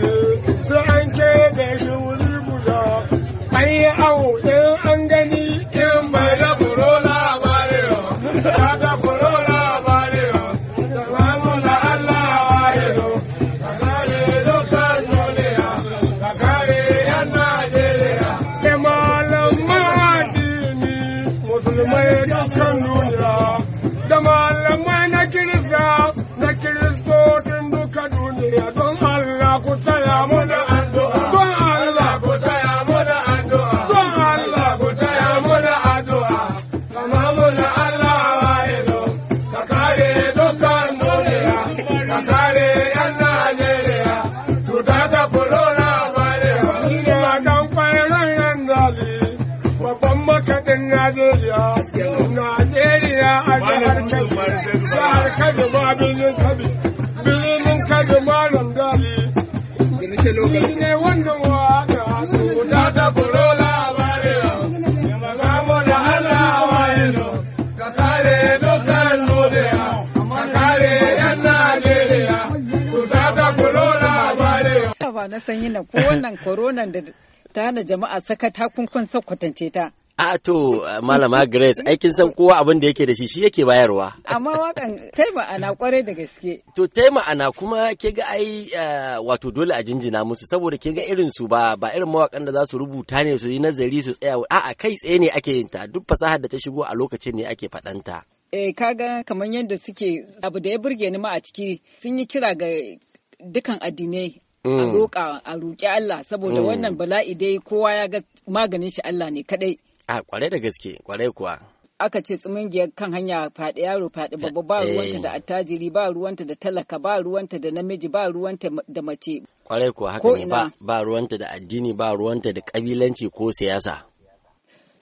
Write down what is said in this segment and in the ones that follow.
you. sanyi na ko wannan da ta hana jama'a saka takunkun kwatance ta. A to malama Grace aikin san kowa abin da yake da shi shi yake bayarwa. Amma wakan tai ma'ana kwarai da gaske. To tai ma'ana kuma ke ga ai eh, wato dole a jinjina musu saboda ke ga irin su ba ba irin mawakan da za su rubuta ne su yi nazari su tsaya a kai tsaye ne ake yin ta duk fasahar da ta shigo a lokacin ne ake faɗanta. Eh kaga kamar yadda suke abu da ya burge ni ma a ciki sun yi kira ga dukan addinai a mm. roƙa a roƙi Allah saboda mm. wannan bala'i dai kowa ya ga maganin shi Allah ne kadai a kwarai da gaske kwarai kuwa aka ce tsimingiyar kan hanya faɗi yaro faɗi babba ba eh. ruwanta da attajiri ba ruwanta da talaka ba ruwanta da namiji ba ruwanta da mace kwarai kuwa haka ne ba ruwanta da addini ba ruwanta da kabilanci ko siyasa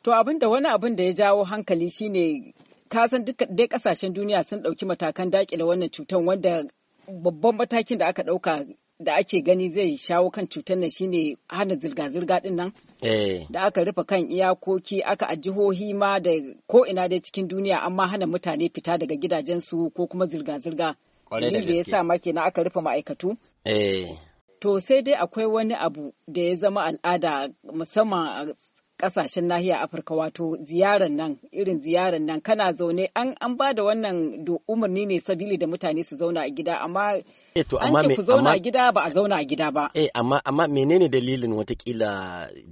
to abin da wani abin da ya jawo hankali shine ka san dai kasashen duniya sun ɗauki matakan dakile wannan cutar wanda babban matakin da aka ɗauka da ake gani zai shawo kan cutar nan shine hana zirga-zirga din nan eh. da aka rufe kan iyakoki aka a jihohi ma da ko ina dai cikin duniya amma hana mutane fita daga gidajensu ko kuma zirga-zirga da ya sa ma kenan aka rufe ma'aikatu eh. to sai dai akwai wani abu da ya zama al'ada musamman a kasashen nahiyar afirka wato ziyarar nan irin ziyarar nan kana zaune an an ba da wannan umarni ne sabili da mutane su zauna a gida amma E to amma me ku zauna gida ba a zauna gida ba. Eh amma amma menene dalilin watakila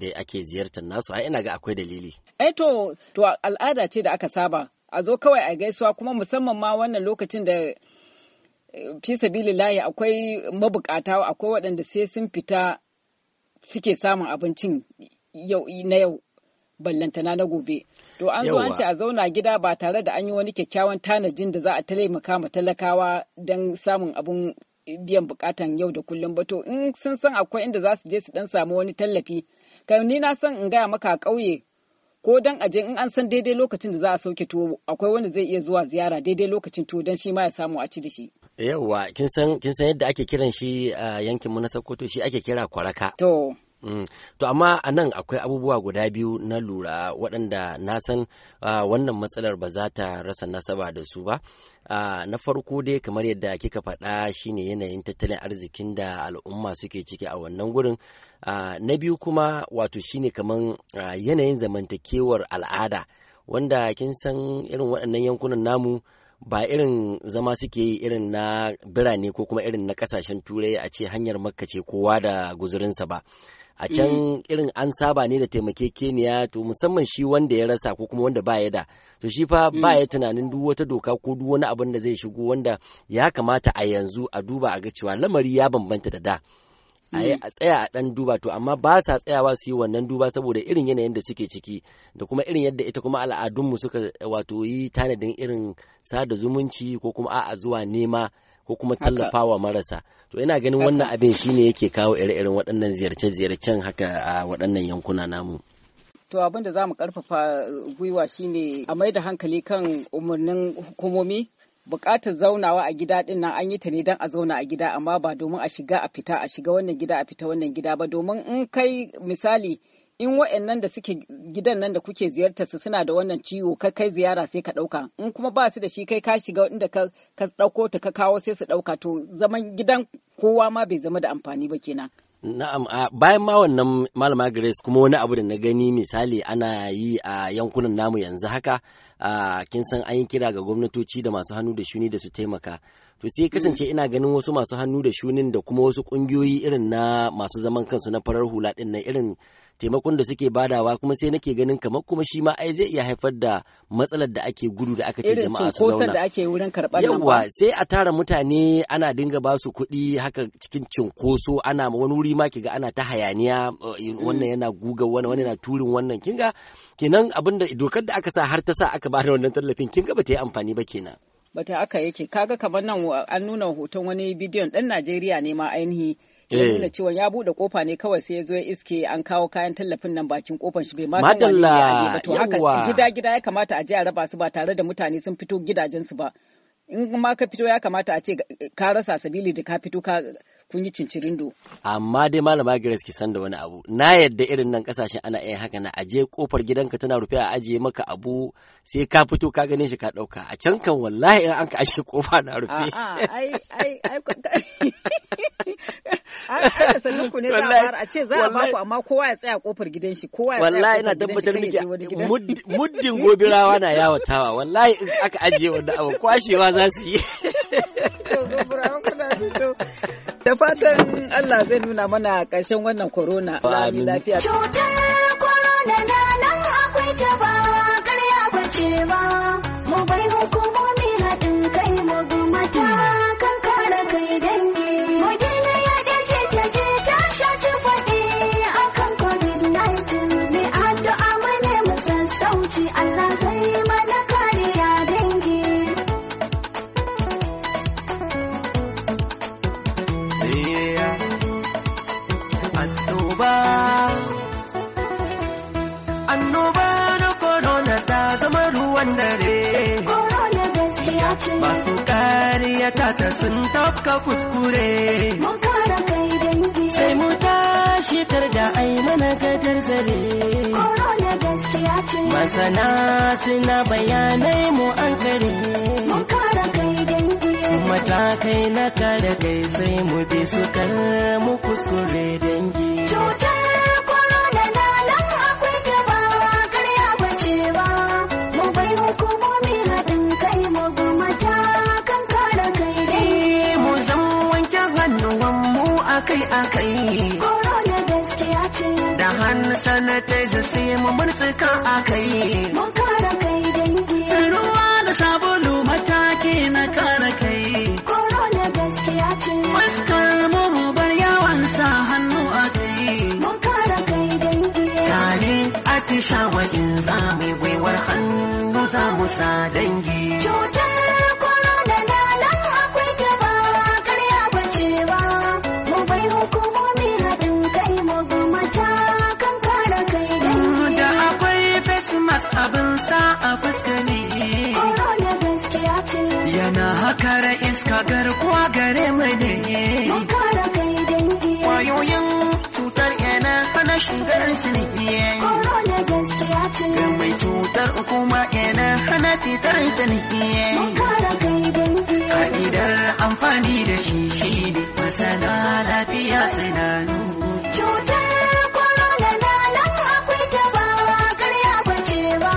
da ake ziyartar nasu ai ina ga akwai dalili. Eh to to al'ada ce da aka saba a zo kawai a gaisuwa kuma musamman ma wannan lokacin da eh, fi sabilillahi akwai mabukata akwai waɗanda sai sun fita suke samun abincin yau na yau ballantana na gobe. To an zo an ce a zauna gida ba tare da an yi wani kyakkyawan tanajin da za a taimaka ma talakawa don samun abin. biyan bukatan yau da kullum ba to in sun san akwai inda za su je su dan samu wani tallafi ka ni na san in gaya maka a ƙauye ko dan aje in an san daidai lokacin da za a sauke tuwo akwai wanda zai iya zuwa ziyara daidai lokacin tuwo dan shi ma ya samu a ci da shi yauwa kin san kin san yadda ake kiran shi a yankin mu na Sokoto shi ake kira kwaraka to Mm. To amma a nan akwai abubuwa guda biyu na lura waɗanda na san wannan matsalar ba za ta rasa nasaba da su ba. Uh, na farko dai kamar yadda kika faɗa shine yanayin tattalin arzikin da al'umma suke ciki a wannan gurin. Uh, na biyu kuma wato shine kamar yanayin zamantakewar al'ada wanda kin san irin waɗannan yankunan namu. ba irin zama suke yi irin na birane ko kuma irin na kasashen turai a ce hanyar makka ce kowa da guzurinsa ba a can mm. irin an saba ne da taimakekeniya to musamman shi wanda ya rasa ko kuma wanda ba ya da to shi fa ba mm. ya tunanin duk wata doka ko duk wani abin da zai shigo wanda ya kamata a yanzu a duba a ga cewa lamari ya bambanta da da a mm. tsaya a dan duba to amma ba sa tsayawa su yi wannan duba saboda irin yanayin da suke ciki da kuma irin yadda ita kuma al'adunmu suka wato yi tanadin irin sada zumunci ko kuma a'a zuwa nema ko kuma tallafawa marasa to ina ganin wannan abin shine yake kawo ire-iren waɗannan ziyarce-ziyarcen haka a waɗannan yankuna namu to abin da za karfafa uh, gwiwa shine a mai da hankali kan umarnin hukumomi buƙatar zaunawa a gida din nan an yi ta ne don a zauna a gida amma ba domin a shiga a fita a shiga wannan gida a fita wannan gida ba domin in kai misali in wa'annan da suke gidan nan da kuke ziyartar su suna da wannan ciwo kai kai ziyara sai ka ɗauka in kuma ba su da shi kai ka shiga inda ka ka ɗauko ta ka kawo sai su ɗauka to zaman gidan kowa ma bai zama da amfani ba kenan. Na'am, bayan ma wannan malama Grace kuma wani abu da na gani misali ana yi a yankunan namu yanzu haka, kin san an yi kira ga gwamnatoci da masu hannu da shuni da su taimaka. to sai kasance mm. ina ganin wasu masu hannu da shunin da kuma wasu kungiyoyi irin na masu zaman kansu na farar hula din nan irin taimakon da suke badawa kuma sai nake ganin kamar kuma shi ma ai zai iya haifar da matsalar da ake gudu da aka ce jama'a su zauna da ake wurin karɓar yawa sai a tara mutane ana dinga ba su kuɗi haka cikin cinkoso ana wani wuri ma kiga ana ta hayaniya eh, mm. wannan yana guga wani wani yana turin wannan kinga kenan abinda dokar da aka sa har ta sa aka da wannan tallafin kinga ba ta yi amfani ba kenan bata aka yake kaga kamar nan an nuna hoton wani bidiyon dan Najeriya ne ma ainihi ya eh. nuna cewa ya buɗe kofa ne kawai sai ya zo ya iske an kawo kayan tallafin nan bakin kofan shi bai ma san wani ya to gida gida ya kamata a je a raba su ba tare da mutane sun fito gidajensu ba in ma ka fito ya kamata a ce ka rasa sabili da ka fito ka kun yi cincirindo. Amma dai malama Grace ki san da wani abu. Na yadda irin nan kasashen ana iya haka na aje kofar gidanka tana rufe a ajiye maka abu sai ka fito ka gane shi ka dauka. A can kan wallahi in an ka ajiye kofa na rufe. Ai ai ai ai sannan ne za a fara a ce za a baku amma kowa ya tsaya kofar gidan shi kowa ya wallahi ina tabbatar miki muddin gobirawa na yawatawa wallahi in aka ajiye wannan abu kwashewa za su yi. Da fatan Allah zai nuna mana ƙarshen wannan corona. Amin. Lafiya. Cutar corona na nan akwai ta ba ƙarya ba ce ba. Mu bai hukumomi haɗin kai mu bi matakan kare kai dan annoba na corona ta zama ruwan dare corona gaskiya ce masu kariya ta sun tafka kuskure kai sai mu tashi tar da ai mana gadar zare corona gaskiya ce masana suna bayanai mu an kare matakai na kare kai sai mu bi su kar mu kuskure dangi akai akai corona gaskiya ce da hannu sanitizer sai mu a kai. mun kare kai dangi ruwa da sabulu mataki na kare kai corona gaskiya ce fuskar mu bar yawan sa hannu kai. mun kare kai dangi tare atishawa in za mu gwiwar hannu za mu sa dangi cutar ka'idar ta nake ka'idar amfani da shi shi ne masana lafiya tsananu cutar corona na akwai ta ba karya ba ce ba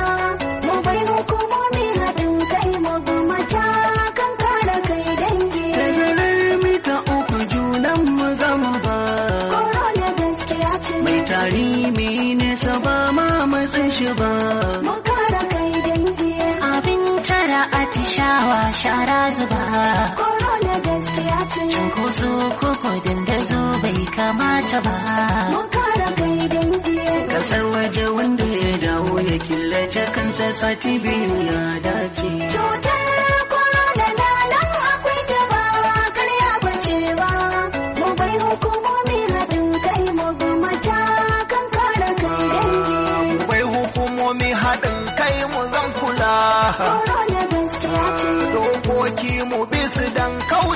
mu bai hukumomi haɗin kai mata bi matakan kare kai dangi da zarar mita uku junan mu zama ba corona gaskiya ce mai tari mai nesa ba ma matsin shi ba shara zuba korona gaskiya ce Cunkoso ko kodin da zo bai kamata ba mun kara kai dangi kasar waje wanda ya dawo ya killace kansa sati biyu ya dace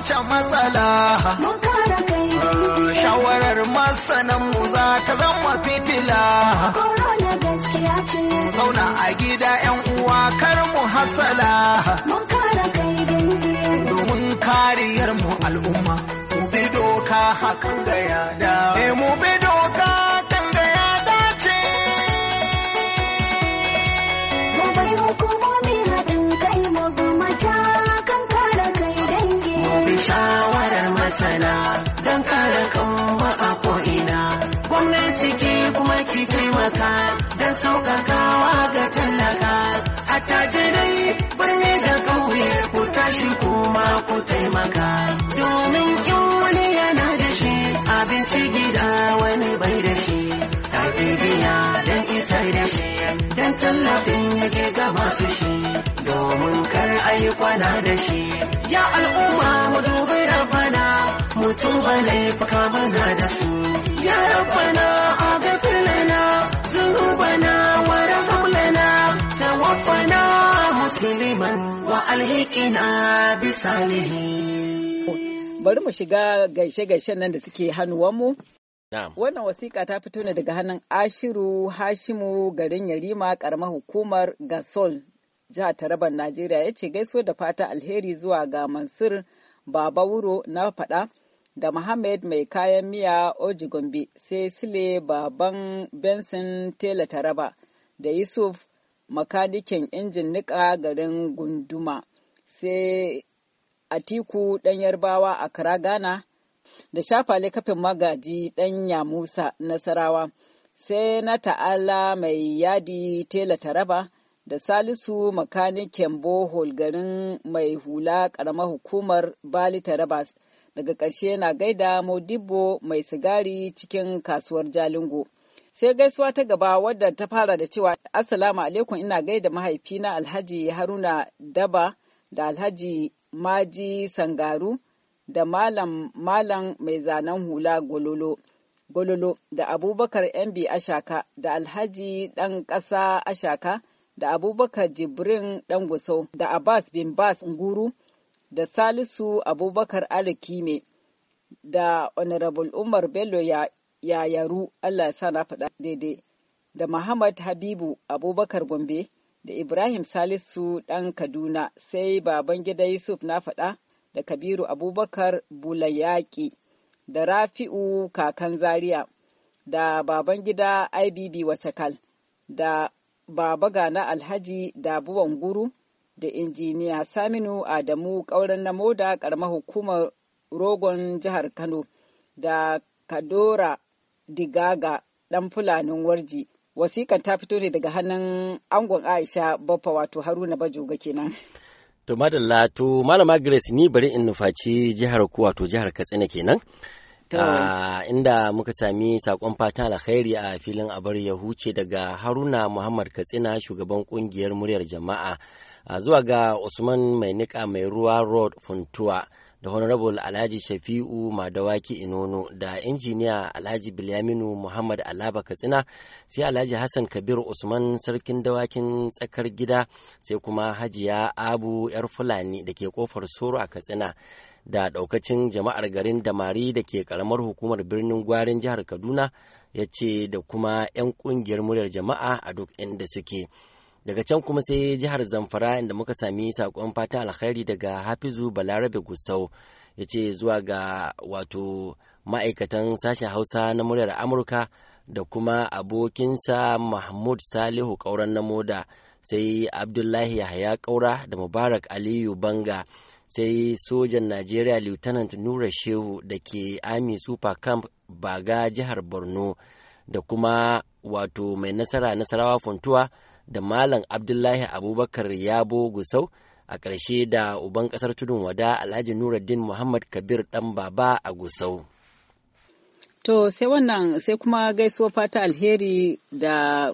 wuce matsala. Shawarar masanan mu za ta zama fitila. Corona gaskiya ce. Zauna a gida 'yan uwa kan ci gida wani bai da shi ta bibiya don isar da shi don tallafin yake ga masu shi domin kar ayi kwana da shi ya al'umma mu dubi rabana mutum ba laifuka mana da su ya rabana a gafir lana zunubana wa rahamlana tawaffana musulman wa alhikina bisalihin bari mu shiga gaishe-gaishen nan da suke mu. Wannan wasiƙa ta fito ne daga hannun Ashiru Hashimu garin Yarima ƙaramar hukumar Gasol jihar Taraban Najeriya ya ce gaiso da fata alheri zuwa ga Mansur Baba Wuro na faɗa da Muhammad mai kayan miya Oji Gombe sai Sile Baban Benson Tela Taraba da Yusuf makanikin injin niƙa garin Gunduma sai Atiku ɗan Yarbawa a Kara Ghana da Shafale kafin magaji ɗan Yamusa Nasarawa. Sai na ta'ala mai yadi tela taraba da Salisu makaniken bohol garin mai hula ƙaramar hukumar Bali taraba. Daga ƙarshe na gaida Modibo mai sigari cikin kasuwar Jalingo. sai gaisuwa ta gaba wadda ta fara da cewa assalamu alaikum ina gaida mahaifina alhaji haruna daba da alhaji Maji Sangaru da Malam Malam mai zanen hula Gololo. Gololo da Abubakar MB Ashaka da Alhaji ɗan ƙasa Ashaka da Abubakar Jibrin ɗan Gusau da Abbas bin Bas Nguru da Salisu Abubakar Alikime da Honorable Umar Bello ya yayaru Allah ya sa na faɗa daidai da Muhammad Habibu Abubakar Gombe da Ibrahim Salisu ɗan Kaduna sai baban gida Yusuf na faɗa da Kabiru Abubakar Bulayaki da Rafi'u Kakan Zaria da baban gida IBB Wacakal da baba gana Alhaji Buwan Guru da injiniya Saminu Adamu ƙauren na moda ƙaramar hukumar rogon jihar Kano da Kadora Digaga ɗan Fulanin Warji wasikan ta fito ne daga hannun angon Aisha Baffa wato Haruna Bajoga kenan. To madalla to Malama Grace ni bari in nufaci jihar ku wato jihar Katsina kenan. Ah, inda muka sami sakon fatan alkhairi a filin abar ya huce daga Haruna Muhammad Katsina shugaban kungiyar muryar jama'a ah, zuwa ga Usman Mai Nika Mai Ruwa Road Funtuwa. da honorable alhaji shafi'u madawaki inono da injiniya alhaji bilyaminu muhammad alaba katsina sai alhaji hassan kabir usman sarkin dawakin tsakar gida sai kuma hajiya abu yar fulani da ke kofar soro a katsina da daukacin jama'ar garin damari da ke karamar hukumar birnin gwarin jihar kaduna ya ce da kuma 'yan kungiyar muryar jama'a a duk inda suke daga can kuma sai jihar zamfara inda muka sami saƙon fatan alkhairi daga hafizu balarabe gusau ya ce zuwa ga wato ma'aikatan sashen hausa na muryar amurka da kuma abokinsa mahmud salihu kauran na moda sai abdullahi yahaya ƙaura da mubarak aliyu banga sai sojan najeriya lieutenant nura shehu da ke army super camp baga jihar borno da kuma wato mai nasara nasarawa funtuwa da Malam Abdullahi Abubakar Yabo Gusau a ƙarshe da uban ƙasar tudun wada Alhaji Nuruddin Muhammad Kabir ɗan baba a Gusau. To sai wannan sai kuma gaisuwa fata alheri da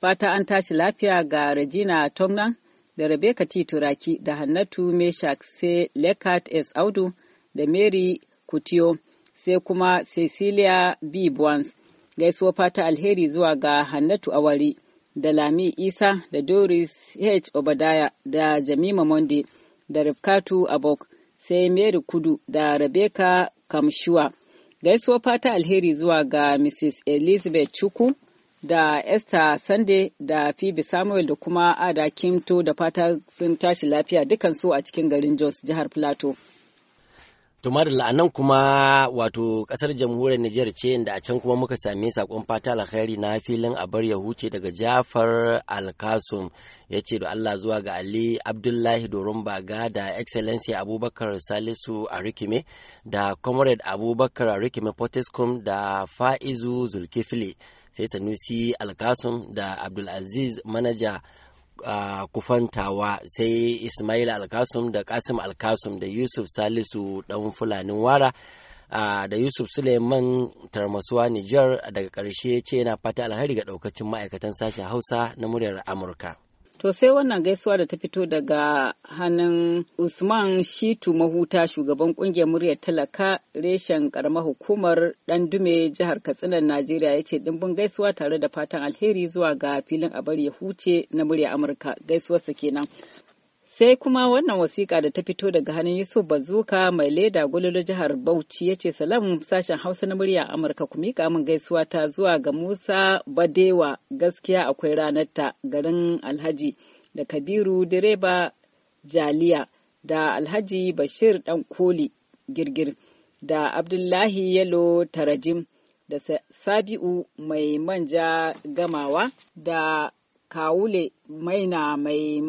fata an tashi lafiya ga Regina Tomnan da Rebecca T. Turaki da Hannatu Meshak sai Lekat S. Audu da Mary Kutiyo sai kuma Cecilia B. Bwans gaisuwa fata alheri zuwa ga Hannatu Awari da Lami Isa da Doris H. Obadaya da Jamima Monde da Rifkatu Abok sai Mary Kudu da Rebecca Kamshuwa. Gaisuwa fata alheri zuwa ga Mrs. Elizabeth chuku da Esther Sunday da Phoebe Samuel da kuma Ada Kimto da fata sun tashi lafiya dukansu a cikin garin Jos, jihar Plateau. da la'anan kuma wato kasar jamhuriyar Nijar ce da a can kuma muka sami sakon fata alkhairi na filin abar ya huce daga Jafar Alkasum ya ce da Allah zuwa ga Ali Abdullahi Doron Baga da Excellency Abubakar Salisu Arikime da Comrade Abubakar Arikime Potescom da Fa'izu Zulkifli sai Sanusi Alkasum da Abdulaziz Manaja a kufantawa sai Ismail Alkasum da Kasim Alkasum da Yusuf Salisu ɗan Fulanin Wara da Yusuf Suleiman Tarmasuwa Nijar daga ƙarshe ce yana fata alhari ga ɗaukacin ma'aikatan sashen Hausa na muryar Amurka. To sai wannan gaisuwa da ta fito daga hannun Usman Shitu Mahuta shugaban kungiyar muryar talaka reshen karamar hukumar dan dume jihar Katsina Najeriya ya ce dimbin gaisuwa tare da fatan alheri zuwa ga filin abar ya huce na murya Amurka gaisuwarsa kenan. Sai kuma wannan wasiƙa da ta fito daga hannun Yusuf Bazuka mai leda gululu jihar Bauchi ya ce salam sashen Hausa na murya Amurka ku miƙa min gaisuwa ta zuwa ga Musa Badewa gaskiya akwai ranar ta garin Alhaji da Kabiru direba Jaliya da Alhaji Bashir Dan Koli girgir da Abdullahi Yalo Tarajim da Sabi'u mai manja gamawa da Kawule maina mai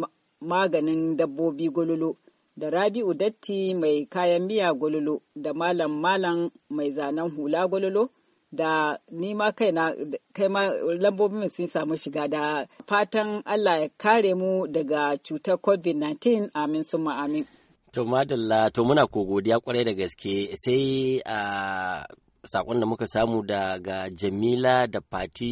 maganin dabbobi gololo da rabi'u datti mai kayan miya gololo da malam malam mai zanen hula gololo da nima kaina kai ma lambobin sun samu shiga da fatan allah ya kare mu daga cutar covid-19 amin summa amin to madalla to muna ko godiya kwarai da gaske sai a sakon da muka samu daga jamila da fati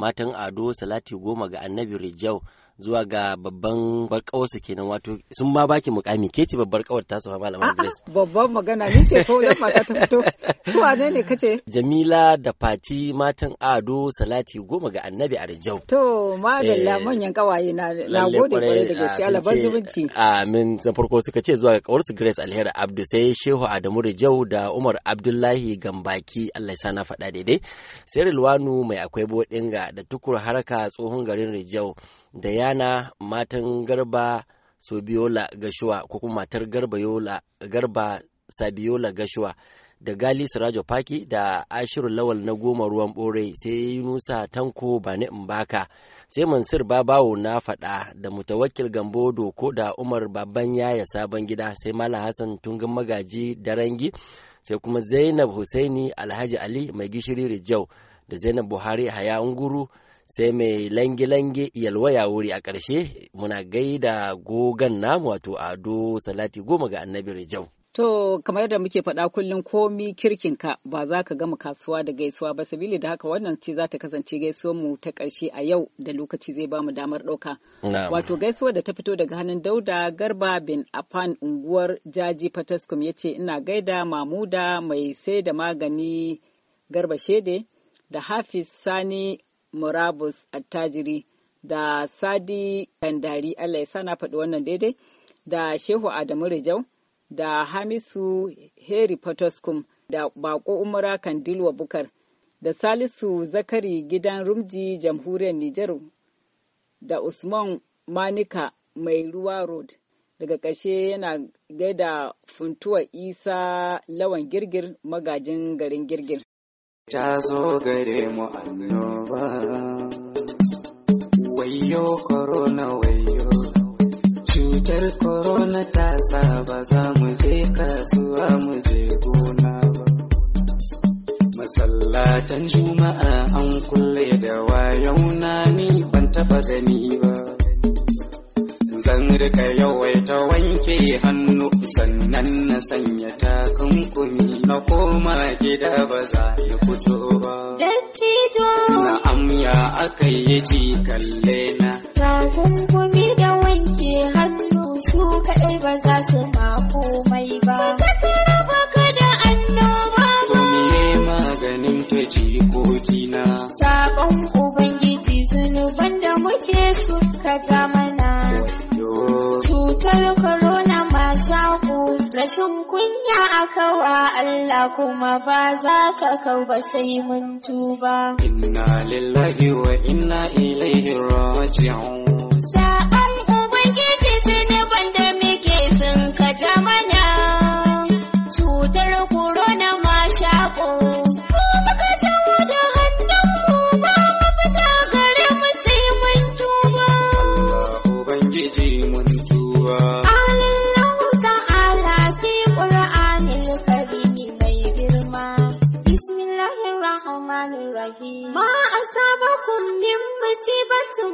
matan ado salati goma ga annabi rijau zuwa ga babban barkawarsa kenan wato sun ma baki mukami ke ce babbar kawar ta sama malama Idris babban magana ni ce ko yan mata ta fito su wane ne kace Jamila da Fati matan Ado Salati goma ga Annabi Arjau to madalla eh, manyan kawaye na nagode kwarai da gaskiya labar jibinci amin na farko suka ce zuwa ga kawarsu Grace Alheri Abdu sai Shehu Adamu Rijau da Umar Abdullahi Gambaki Allah ya sa na faɗa daidai sai Rilwanu mai akwai bodinga da tukur haraka tsohon garin Rijau da yana matan garba sobiola gashuwa ko kuma matar garba sabiola gashuwa da gali sirajo paki da ashiru lawal na goma ruwan bore sai yunusa tanko ba bani mbaka sai mansur babawo na faɗa da mutawakkil gambo doko da umar babban yaya sabon gida sai mala hassan tungin magaji da rangi sai kuma zainab husaini alhaji ali mai gishiri rijau da zainab buhari haya unguru sai mai lange-lange yalwaya wuri a ƙarshe muna gaida gogan namu wato ado salati goma ga annabi rijau. To kamar da muke faɗa kullum komi kirkinka ba za ka gama kasuwa da gaisuwa ba sabili da haka wannan ce za ta kasance gaisuwar mu ta ƙarshe a yau da lokaci zai bamu damar ɗauka. Wato gaisuwar da ta fito daga hannun Dauda Garba bin Afan unguwar Jaji Fataskum ya ce ina gaida Mamuda mai sai da magani Garba Shede da Hafiz Sani murabus attajiri da sadi kandari allah ya sana faɗi wannan daidai da shehu adamu rijau da hamisu heri potoskum da bako umara kandilwa bukar da salisu zakari gidan rumji jamhuriyar nijar da usman manika mai ruwa road daga ƙarshe yana gaida funtuwa isa lawan girgir magajin garin girgir ta zo gare mu annoba wayo korona wayo cutar korona ta sa ba za mu je kasuwa mu je gona ba masallatan juma'a an kulle da wayau na ni ban taba gani ba zan rika yawaita wanke hannu sannan na sanya takan na koma gida ba za ya fito ba. Dattijo. Na amya aka yi ji kalle na. Takunkumi da wanke hannu su kaɗai ba za su ma komai ba. Tattara baka da annoba ba. maganin ta gina. Sabon Ubangiji zunuban da muke suka ta mana. Cutar korona ma mashaku, rashin kunya a kawa Allah kuma ba za ta kau ba sai mun tuba. Inna lillahi wa inna ilaihi raji'un. Oh. Cutar korona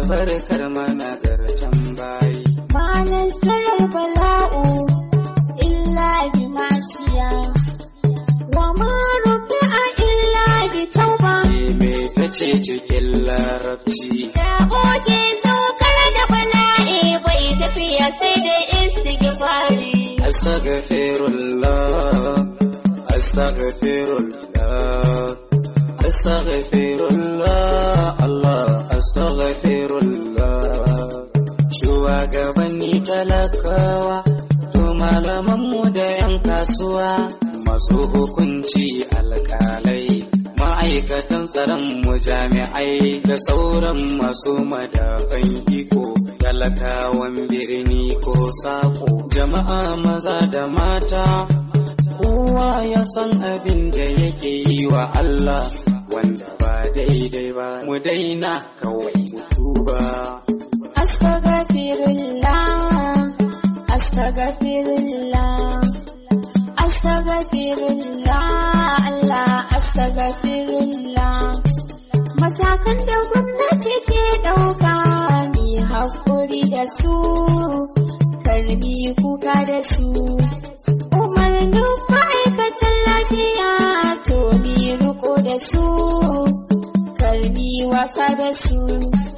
albarkar managartan bayi. banan sarar bala'u illa bi masiya wa ma a illa bi tauba. Me ta ce cikin larabci. Da oge saukar da bala'i bai tafiya sai da istighfari. Astaghfirullah, astaghfirullah. yi talakawa to mu da 'yan kasuwa masu hukunci alkalai ma'aikatan tsaron mu jami'ai da sauran masu madafan iko talakawan birni ko sako jama'a maza da mata kowa ya san abin da yake yi wa Allah wanda ba daidai ba mu daina kawai mutuba. ba Astagfirullah, Allah Matakan da gwamnati ke ɗauka mai haƙuri da su, karbi kuka da su. Umarnin ma'aikatan lafiya to ni riko da su, karbi wasa da su.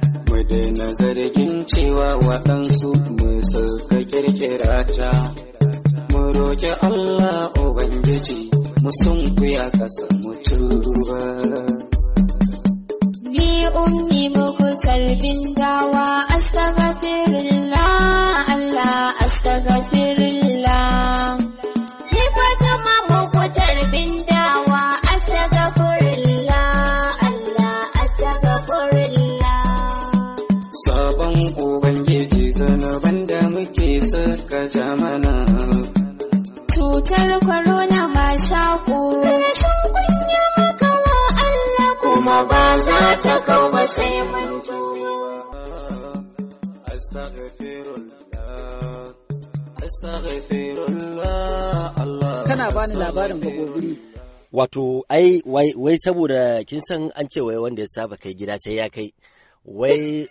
da daina zargin cewa waɗansu musu suka kirkira ta mu roƙi Allah Ubangiji mu kuya ƙasa mu ba. ta sai mun bani labarin Wato, ai, wai saboda kin san an ce wai wanda ya saba kai gida sai ya kai. wai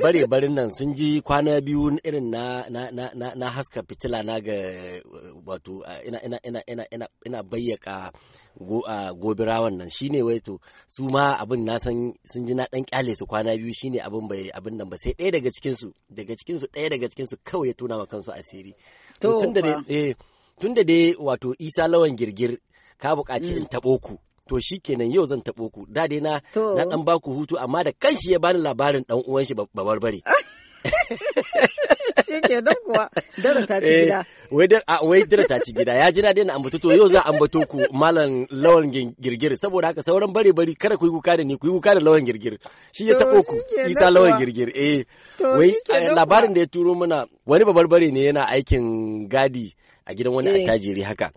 bare barin nan sun ji kwana biyu irin na na haska fitila na ga wato ina ina ina bayyaka gobirawan nan shine wai to su ma abin na san sun ji na dan kyale su kwana biyu shine abin bai abin nan ba sai ɗaya daga cikin su daga cikin su ɗaya daga cikin su kawai ya tuna ma kansu asiri to tunda dai eh tunda dai wato Isa Lawan Girgir ka buƙaci mm. in taɓo ku to shi kenan yau zan taɓo ku da na na ɗan ba ku hutu amma da kanshi ya bani labarin ɗan uwan shi babarbare shi kenan kuwa dara ta ci eh, gida wai dara ta ci gida ya ji na daina ambato to yau za a ambato ku malam lawan girgir saboda haka sauran bare bari kada ku yi kuka da ni ku yi kuka da lawan girgir shi ya taɓo ku isa lawan girgir eh wai eh, labarin da ya turo mana wani babarbare ne yana aikin gadi a gidan wani eh. attajiri haka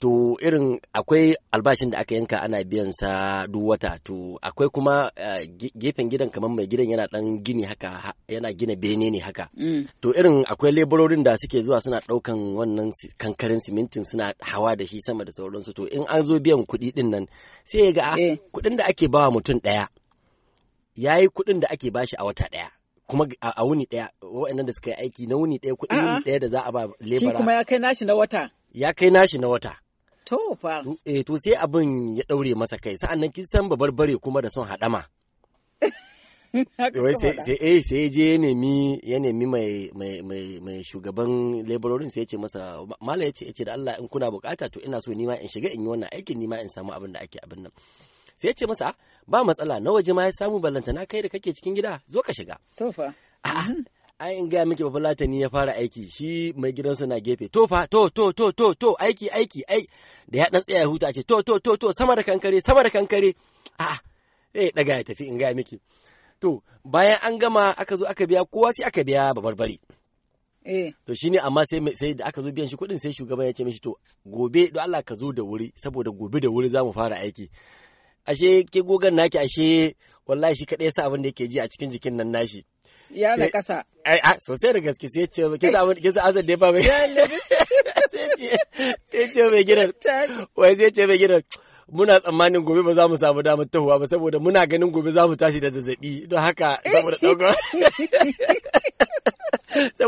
to irin akwai albashin da aka yanka ana biyan sa duk wata to akwai kuma eh, gefen gidan kamar mai gidan yana dan gini haka yana gina bene ne haka mm. to irin akwai leburorin da suke zuwa suna daukan wannan kankarin simintin suna hawa da shi sama da sauransu to in an zo biyan kuɗi din nan sai ga ah, eh. kuɗin da ake bawa mutum ɗaya yayi kuɗin da ake bashi a wata ɗaya kuma a wuni ɗaya waɗannan da suka yi aiki na wuni ɗaya kuɗi ɗaya da za a ba lebara shi kuma ya kai nashi na wata ya kai nashi na wata To fa. Eh to sai abin ya daure masa kai sa'an nan kin san babar bare kuma da son hadama. eh sai je ya nemi ya nemi mai mai mai shugaban laborerin sai ya ce masa mala ya ce ya da Allah in kuna bukata to ina so nima in shiga in yi wannan aikin nima in samu abin da ake abin nan sai ya ce masa ba matsala na waje ma ya samu ballanta na kai da kake cikin gida zo ka shiga to fa mhm. ai in gaya miki ni ya fara aiki shi mai gidansu na gefe to to to to to to aiki aiki aiki da ya ɗan tsaya ya huta a ce to to to to sama da kankare sama da kankare a eh daga ya tafi in ga miki to bayan an gama aka zo aka biya kowa sai aka biya babarbare eh to shine amma sai sai da aka zo biyan shi kudin sai shugaban ya ce mishi to gobe don Allah ka zo da wuri saboda gobe da wuri zamu fara aiki ashe ke gogan naki ashe wallahi shi kaɗai ya sa abin da yake ji a cikin jikin nan nashi ya na eh, ai sosai da gaske sai ce muna tsammanin gobe ba za mu samu damar tahowa ba saboda muna ganin gobe za mu tashi da zazzaɓi don haka saboda eh. ɗaukar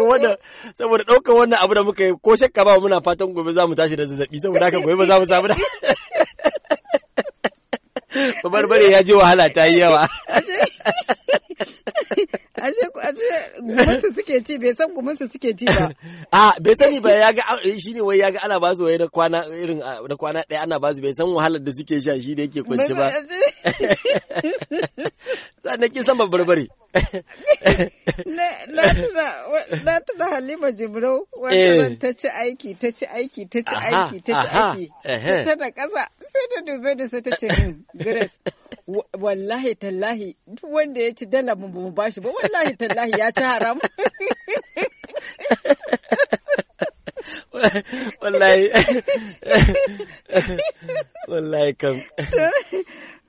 saboda saboda ɗaukar wannan abu da muka yi ko shakka ba muna fatan gobe za mu tashi da zazzaɓi saboda haka gobe ba za mu samu da bari ya ji wahala ta yi yawa ashe ashe gumansu suke ci bai san gumansu suke ci ba a ah, bai sani ba ya ga eh, ne wai ya ga ana basu wai na kwana irin ah, na kwana ɗaya ana basu bai san wahalar da suke sha shi da yake kwance ba sannan kin san barbare na tuna halima jibrau wanda eh. ta ci aiki ta ci aiki ta ci aiki ta ci aiki ta da ƙasa sai ta dube da sai ta ce hmm, grace wallahi tallahi duk wanda ya ci dala mu mu bashi ba wallahi tallahi ya ci haram wallahi wallahi kam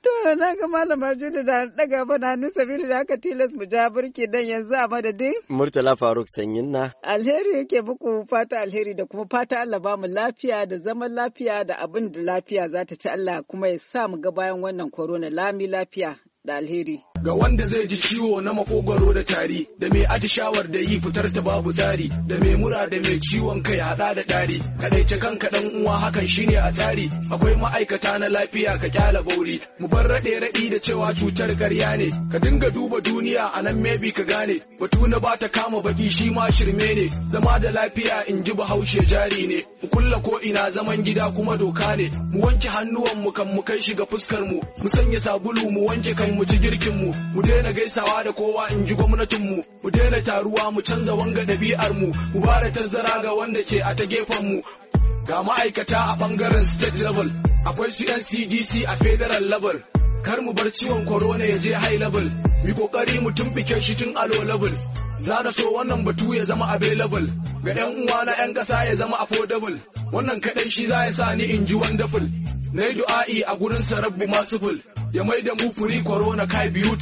To na ga malam Juli da daga bana hannun da aka tilas mu ja burki dan yanzu a madadin. Murtala Faruk Sanyin na. Alheri yake buku fata alheri da kuma fata Allah ba mu lafiya da zaman lafiya da abin da lafiya za ta ci Allah kuma ya sa mu ga bayan wannan korona lami lafiya da alheri. ga wanda zai ji ciwo na makogwaro da tari da mai shawar da yi fitar ta babu tsari da mai mura da mai ciwon kai hada da tari kadaice kanka dan uwa hakan shine a tsari akwai ma'aikata na lafiya ka kyala bauri mu bar rade radi da cewa cutar karya ne ka dinga duba duniya a nan maybe ka gane batu na ba ta kama baki shi ma shirme ne zama da lafiya in ji bahaushe jari ne mu kulla ko ina zaman gida kuma doka ne mu wanke hannuwan mu kan mu kai shiga fuskar mu mu sanya sabulu mu wanke kan mu ci girkin mu mu daina gaisawa da kowa in ji gwamnatinmu mu daina taruwa mu canza wanga ɗabi'armu mu ba da tazzara ga wanda ke a ta gefenmu ga ma'aikata a ɓangaren state level akwai su yan cdc a federal level kar mu bar ciwon corona ya je high level mu kokari mu tumbike shi tun a low level za da so wannan batu ya zama available ga yan uwa na yan kasa ya zama affordable wannan kaɗai shi za ya sa ni in ji wonderful na yi du'a'i a gurin sarabbu masu ful ya mai da mu furi corona kai biyu